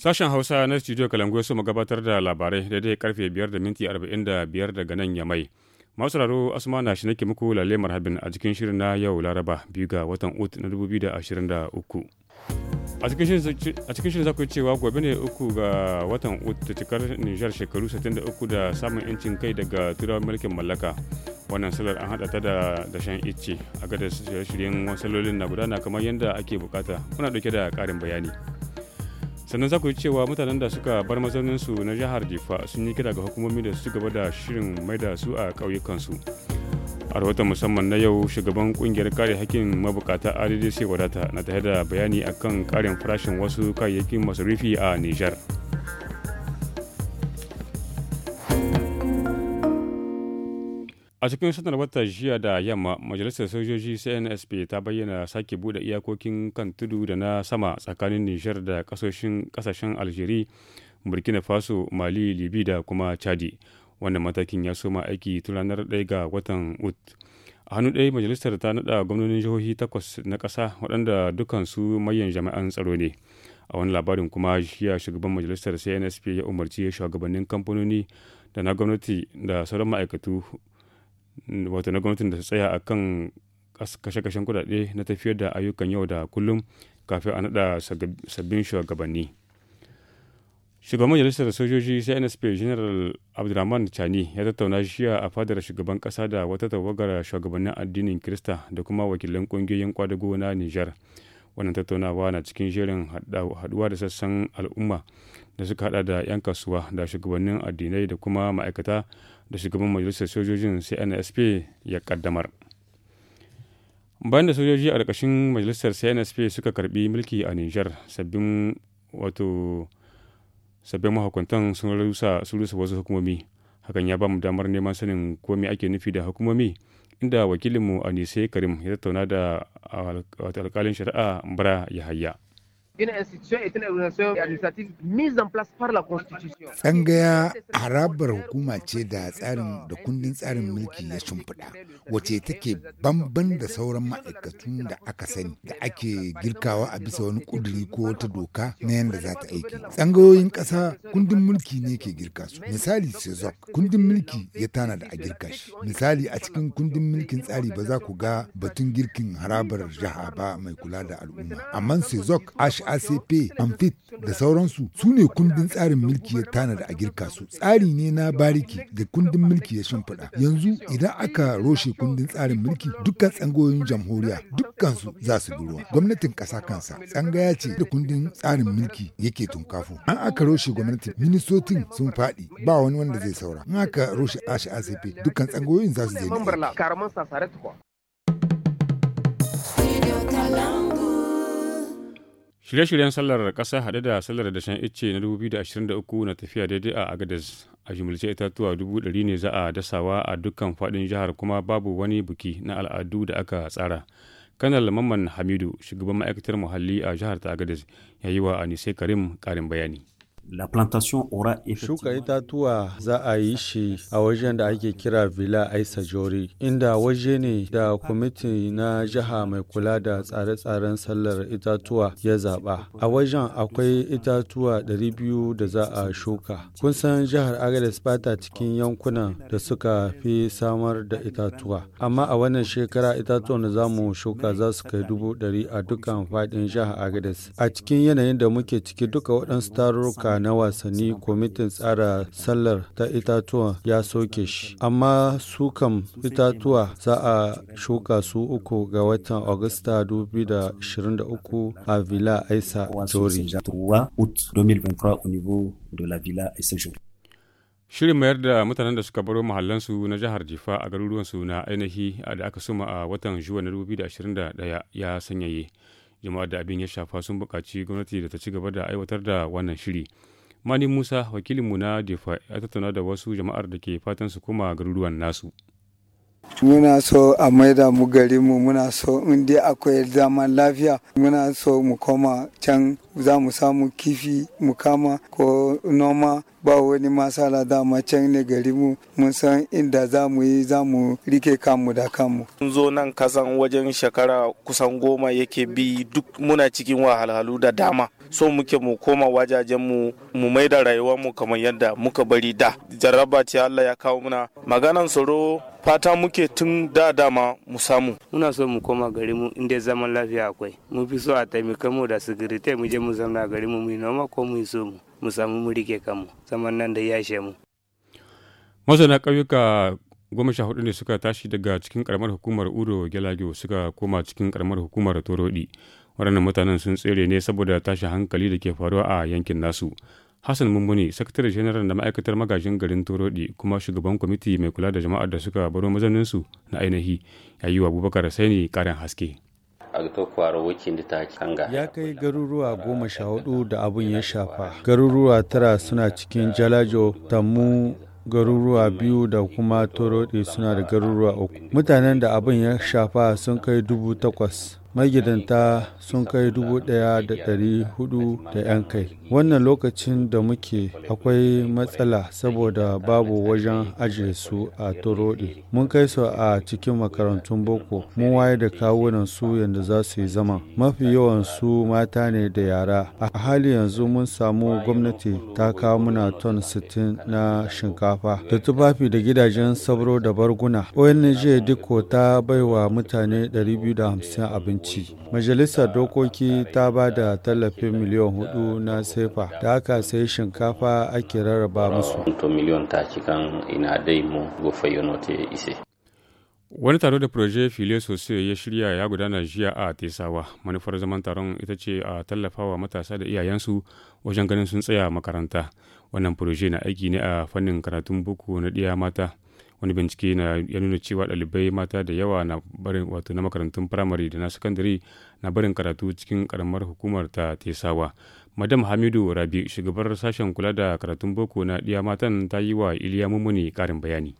Sashen Hausa na Studio Kalangoyo su gabatar da labarai daidai karfe 5 da minti 45 daga nan Yamai. Masu raro Asma na shi nake muku lalle marhabin a cikin shirin na yau Laraba biyu ga watan Ut na 2023. A cikin shirin za cewa gobe ne uku ga watan Ut ta cikar Nijar shekaru 63 da samun 'yancin kai daga turawan mulkin mallaka. wannan salar an haɗa ta da dashen icce a gada shirye-shiryen wasu na gudana kamar yadda ake bukata kuna ɗauke da karin bayani sannan za ku yi cewa mutanen da suka bar mazauninsu na jihar jifa sun yi kira ga hukumomi da su gaba da shirin mai da su a ƙauyukansu a rahoton musamman na yau shugaban kungiyar kare hakkin mabukata addc wadata na tare da bayani akan karin farashin wasu kayayyakin masarufi a nijar a cikin wata jiya da yamma majalisar sojoji cnsp ta bayyana sake bude iyakokin kan tudu da na sama tsakanin nijar da kasashen algeria burkina faso mali libi da kuma chadi wannan matakin ya soma aiki tun ranar ga watan ut a hannu ɗaya majalisar ta nada gwamnonin jihohi takwas na ƙasa waɗanda dukansu mayan jami'an tsaro ne a wani labarin kuma jiya shugaban majalisar cnsp ya umarci shugabannin kamfanoni da na gwamnati da sauran ma'aikatu wato na gwamnatin da ta tsaya akan kashe-kashen kudade na tafiyar da ayyukan yau da kullum kafin a naɗa sabbin shugabanni shugaban majalisar sojoji cnsp general abdulrahman chani ya tattauna shiya a fadar shugaban kasa da wata tawagar shugabannin addinin kirista da kuma wakilan kungiyoyin kwadago na niger wannan tattaunawa na cikin shirin haduwa da sassan al'umma da suka hada da 'yan kasuwa da shugabannin addinai da kuma ma'aikata da shugaban majalisar sojojin cnsp ya kaddamar bayan da sojoji a ƙarƙashin majalisar cnsp suka karbi mulki a niger sabbin wato sabbin mahukuntan sun rusa wasu hukumomi hakan ya ba mu damar neman sanin komai ake nufi da hukumomi inda wakilinmu anise karim ya tattauna da alkalin shari'a bara yahaya une institution est une organisation administrative mise en place par la Constitution. Tsangaya harabar hukuma ce da tsarin da kundin tsarin mulki ya shimfiɗa wace take bamban da sauran ma'aikatu da aka sani da ake girkawa a bisa wani kuduri ko wata doka na yadda za ta aiki. Tsangayoyin ƙasa kundin mulki ne ke girka su. Misali Sezok kundin mulki ya tana da a girka shi. Misali a cikin kundin mulkin tsari ba za ku ga batun girkin harabar jaha ba mai kula da al'umma. Amma Sezok ash acp amfit da sauransu su ne kundin tsarin mulki ya tanada a girka su tsari ne na bariki da kundin mulki ya shimfiɗa yanzu idan aka roshe kundin tsarin mulki dukkan tsangoyin jamhuriya dukkansu za su bi ruwa gwamnatin ƙasa kansa tsangaya ce da kundin tsarin mulki yake tunkafu an aka roshe gwamnatin ministotin sun faɗi ba wani wanda zai saura an aka roshe ashi acp dukkan tsangoyin za su je ne. Shirye-shiryen sallar ƙasa haɗe da sallar dashen ice na 2023 na tafiya daidai a Agadez. A jimilce itatuwa dubu ne za a dasawa a dukkan faɗin jihar kuma babu wani buki na al'adu da aka tsara. Kanal Mamman Hamidu, shugaban ma'aikatar muhalli a jihar ta Agadez, ya yi wa Anise Karim karin bayani. La plantation aura Shuka itatuwa za a yi shi a wajen da ake kira Villa Aisa Jori, inda waje ne da kwamiti na jiha mai kula da tsare-tsaren sallar itatuwa ya zaba A wajen akwai itatuwa 200 da za a shuka. Kun san jihar agadis bata cikin yankunan da suka fi samar da itatuwa. Amma a wannan shekara itatuwan da za mu shuka za su kai dubu dari a dukkan faɗin jihar agadis A cikin yanayin da muke ciki duka waɗansu tarurruka ayyuka na wasanni kwamitin tsara sallar ta itatuwa ya soke shi amma su kam itatuwa za a shuka su uku ga watan agusta 2023 a villa aisa tori. shirin mayar da mutanen da suka baro mahallansu na jihar jifa a garuruwansu na ainihi da aka suma a watan juwa na 2021 ya sanyaye jama'ar da abin ya shafa sun buƙaci gwamnati da ta ci gaba da aiwatar da wannan shiri Mani Musa wakilinmu na Defa ya tattauna da wasu jama'ar da ke fatan su kuma garuruwan nasu. muna so a maida mu garinmu muna so in dai akwai zaman lafiya muna so mu koma can za mu samu kifi mu kama ko noma ba wani masala dama can ne garinmu mun san inda za mu yi za mu rike kanmu da kanmu. mun zo nan kasan wajen shekara kusan goma yake bi duk muna cikin wahalhalu da dama so muke mu koma wajajen mu mu mai da rayuwar mu kamar yadda muka bari da jarraba ce Allah ya kawo muna maganan tsaro fata muke tun da dama mu samu muna so mu koma gari mu inda zaman lafiya akwai mu fi so a taimaka mu da sigirite mu je mu zamna gari mu mu noma ko mu so mu mu samu mu rike kanmu zaman nan da yashe mu masana ƙauyuka goma sha hudu ne suka tashi daga cikin karamar hukumar uro gelagio suka koma cikin karamar hukumar torodi waɗannan mutanen sun tsere ne saboda tashi hankali da ke faruwa a yankin nasu hassan mummuni sakatare Jeneral da ma'aikatar magajin garin torodi kuma shugaban kwamiti mai kula da jama'ar da suka baro mazaninsu na ainihi ya yi wa abubakar saini karin haske ya kai garuruwa goma sha hudu da abun ya shafa garuruwa tara suna cikin jalajo tamu garuruwa biyu da kuma torodi suna da garuruwa uku mutanen da abun ya shafa sun kai dubu takwas magidanta sun kai dubu ɗaya da ɗari hudu da 'yan kai wannan lokacin da muke akwai matsala saboda babu wajen ajiye su a turodi mun kai su a cikin makarantun boko mun waye da kawunan su yadda za su yi zama mafi yawan su mata ne da yara a hali yanzu mun samu gwamnati ta kawo muna ton 60 na shinkafa da tufafi da gidajen sabro da barguna ong diko ta baiwa mutane 250 abinci abinci. Majalisar Dokoki ta ba da tallafin miliyan hudu na sefa da aka sai shinkafa ake rarraba musu. Wani taro da Proje File Sosai ya shirya ya gudana jiya a Tesawa. Manufar zaman taron ita ce a tallafawa matasa da iyayensu wajen ganin sun tsaya makaranta. Wannan Proje na aiki ne a fannin karatun buku na ɗiya mata. wani bincike na ya nuna cewa dalibai mata da yawa na barin wato na makarantun firamare da na sakandare na barin karatu cikin karamar hukumar ta tesawa madam hamidu rabi shugabar sashen kula da karatun boko na ɗiya matan ta yi wa iliya mummuni karin bayani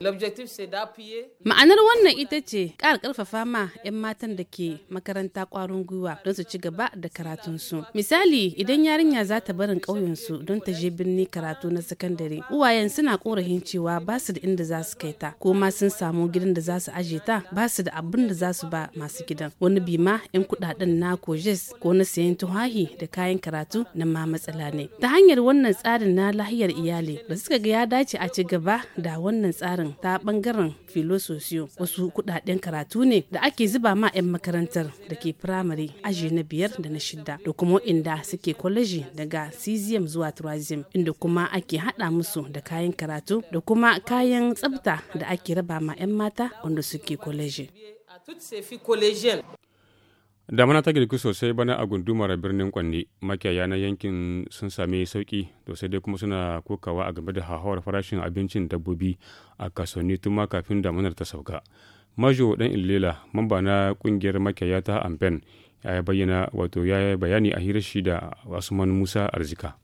Ma'anar wannan ita ce ƙara ƙarfafa ma 'yan matan da ke makaranta ƙwarin gwiwa don su ci gaba da karatunsu. Misali idan yarinya za ta barin ƙauyensu don ta je birni karatu na sakandare, uwayen suna ƙorafin cewa ba su da inda za su kai ta, ko ma sun samu gidan da za su aje ta ba su da abin da za su ba masu gidan. Wani bi ma 'yan kuɗaɗen na kojes ko na sayan tuhahi da kayan karatu na ma matsala ne. Ta hanyar wannan tsarin na lahiyar iyali da suka ga ya dace a ci gaba da wannan tsarin ta bangaren filososiyo wasu kudaden karatu ne da ake zuba ma 'yan makarantar da ke firamare aji na biyar da na shida da kuma inda suke kwalaji daga cesium zuwa tourism inda kuma ake hada musu da kayan karatu da kuma kayan tsabta da ake raba ma 'yan mata wanda suke kwalaji. damana ta girki sosai bana a gundumar birnin kwanne makiyaya na yankin sun sami sauki to sai dai kuma suna kokawa a game da hauhawar farashin abincin dabbobi a kasuwanni tun ma kafin damunar ta sauka majo dan illela mamba na kungiyar makiyaya ta amben ya bayyana wato ya bayani a hirar shi da asuman musa arzika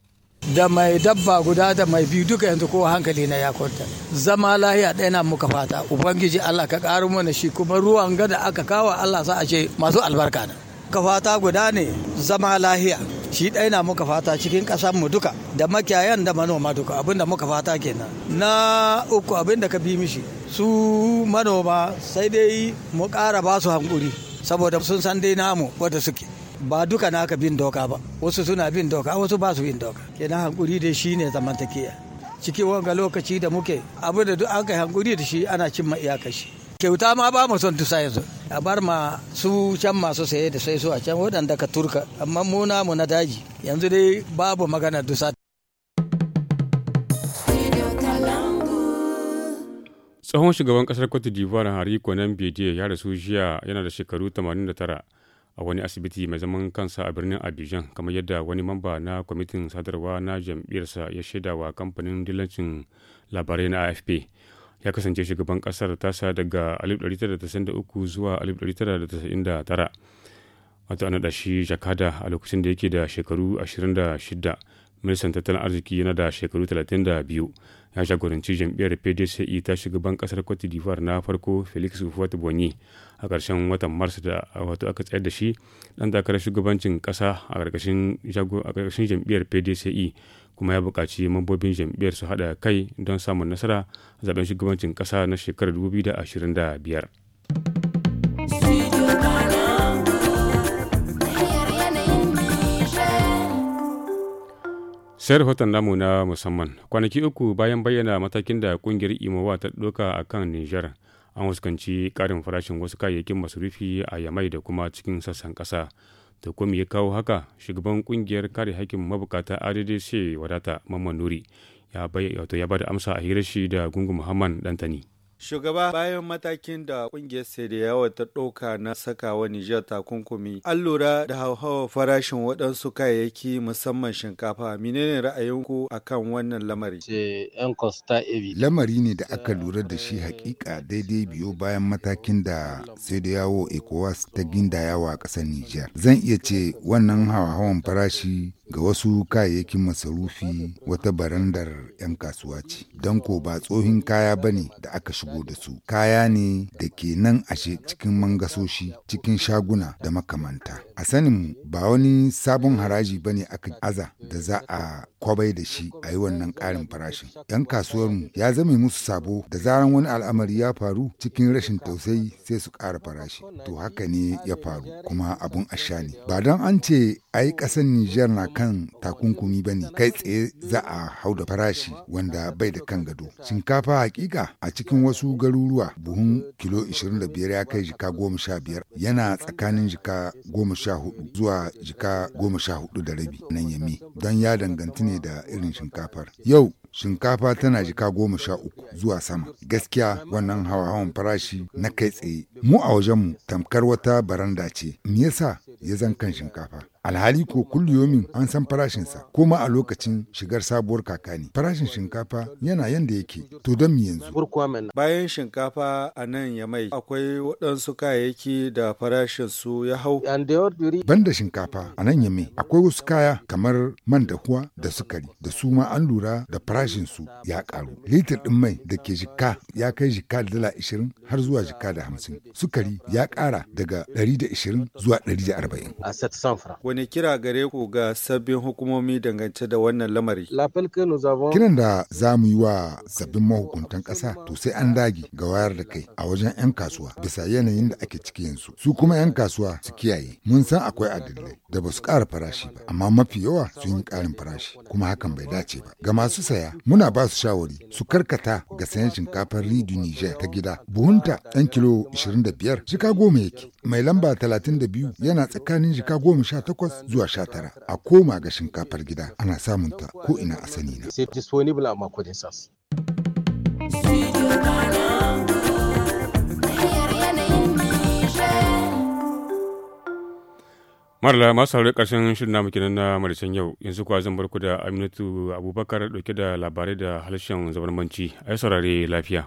da mai dabba guda da mai biyu duka yanzu ko hankali na ya kwanta zama lahiya ɗaya na muka fata ubangiji allah ka ƙaru mana shi kuma ruwan gada aka kawo allah sa a ce masu albarka na ka fata guda ne zama lahiya shi ɗaya na muka fata cikin mu duka da makiyayan da manoma duka abinda muka fata kenan na uku abinda ka bi mishi su manoma sai dai mu ƙara basu su hankuri saboda sun san dai namu wata suke ba duka n'aka bin doka ba wasu suna bin doka wasu ba su bin doka kenan hankuri da shi ne zamantakiya ciki wanga lokaci da muke abu da duk aka hankuri da shi ana cin ma iyaka shi kyauta ma ba mu son tusa yanzu a bar ma su can masu saye da sai su a can waɗanda ka turka amma mu namu na daji yanzu dai babu magana dusa tsohon shugaban kasar cote d'ivoire hari konan bidiyo ya rasu jiya yana da shekaru 89 a wani asibiti mai zaman kansa a birnin abidjan kamar yadda wani mamba na kwamitin sadarwa na jam'iyyarsa ya shaida wa kamfanin dillancin labarai na afp ya kasance shugaban kasar tasa daga 1993 zuwa 1999 wato ana da jakada a lokacin da yake da shekaru 26 ministan tattalin arziki yana da shekaru 32 ya jagoranci jam'iyyar pdce ta shugaban kasar cote d'ivoire na farko felix hufat bonyi a ƙarshen watan mars da wato aka tsayar da shi ɗan takarar shugabancin ƙasa a ƙarƙashin jam'iyyar pdce kuma ya buƙaci mambobin jam'iyyar su haɗa kai don samun nasara zaben shugabancin ƙasa na shekarar 2025 sai rahoton namu na musamman kwanaki uku bayan bayyana matakin da kungiyar imowa ta doka a kan niger an fuskanci karin farashin wasu kayayyakin masarufi a yamai da kuma cikin sassan kasa da kuma ya kawo haka shugaban kungiyar kare hakkin mabukata addc wadata mamman nuri ya bada amsa a hirar shi da gungun muhammad dantani Shugaba bayan matakin da kungiyar Sediyawa ta ɗauka na sakawa Nijar takunkumi, an lura da hauhawar farashin waɗansu kayayyaki musamman shinkafa. Menene ra'ayinku a kan wannan lamari? Lamari ne da aka lura da shi haƙiƙa daidai biyu bayan matakin da Sediyawa ECOWAS ta Gindaya wa ƙasar Nijar. Zan iya ce wannan hauhawan farashi ga wasu kayayyakin masarufi wata barandar 'yan kasuwa ce don ko ba tsohin kaya ba ne da aka shigo da su kaya ne da ke nan ashe cikin mangasoshi cikin shaguna da makamanta a sanin ba wani sabon haraji ba ne aka aza da za a kwabai da shi a yi wannan ƙarin farashin 'yan kasuwar mu ya zame musu sabo da zaran wani al'amari ya faru cikin rashin tausayi sai su ƙara farashi to haka ne ya faru kuma abun asha ne ba don an ce a yi ƙasar nijar na kan takunkumi ba ne kai tsaye za a hau da farashi wanda bai da kan gado shinkafa hakika a cikin wasu garuruwa buhun kilo 25 ya kai jika 15 yana tsakanin jika 14 zuwa jika 14 da rabi nan yami don ya danganci ne da irin shinkafar yau shinkafa tana jika goma sha uku zuwa sama. Gaskiya wannan hawa-hawan farashi na kai tsaye. Mu a wajenmu tamkar wata baranda ce. Me yasa ya zan kan shinkafa? alhali ko kulliyomin an san farashinsa kuma a lokacin shigar sabuwar kaka farashin shinkafa yana yanda yake to don mu yanzu bayan shinkafa a nan ya mai akwai waɗansu kayayyaki da farashin su ya hau banda shinkafa a nan ya mai akwai wasu kaya kamar man da dahuwa da sukari da su ma an lura da farashin farashinsu ya ƙaru. Litir ɗin mai da ke jika ya kai jika da dala 20 har zuwa jika da 50. Sukari ya ƙara daga 120 zuwa 140. Wani kira gare ku ga sabbin hukumomi dangance da wannan lamari? Kiran da za mu yi wa sabbin mahukuntan ƙasa to sai an dage ga wayar da kai a wajen 'yan kasuwa bisa yanayin da ake ciki yanzu. Su kuma 'yan kasuwa su kiyaye. Mun san akwai adalai da ba su ƙara farashi ba, amma mafi yawa sun yi ƙarin farashi kuma hakan bai dace ba. Ga masu saya baya muna ba su shawari su karkata ga sayan shinkafar ridu niger ta gida buhunta yan kilo 25 jika mai yake mai lamba 32 yana tsakanin chicago 18 sha takwas zuwa sha tara a koma ga shinkafar gida ana samunta ko ina a sani na. Marla masu haure ƙarshen shirin namu kenan na maricen yau yanzu kuwa zan ku da Aminatu Abubakar dauke da labarai da harshen zamanci a saurare lafiya.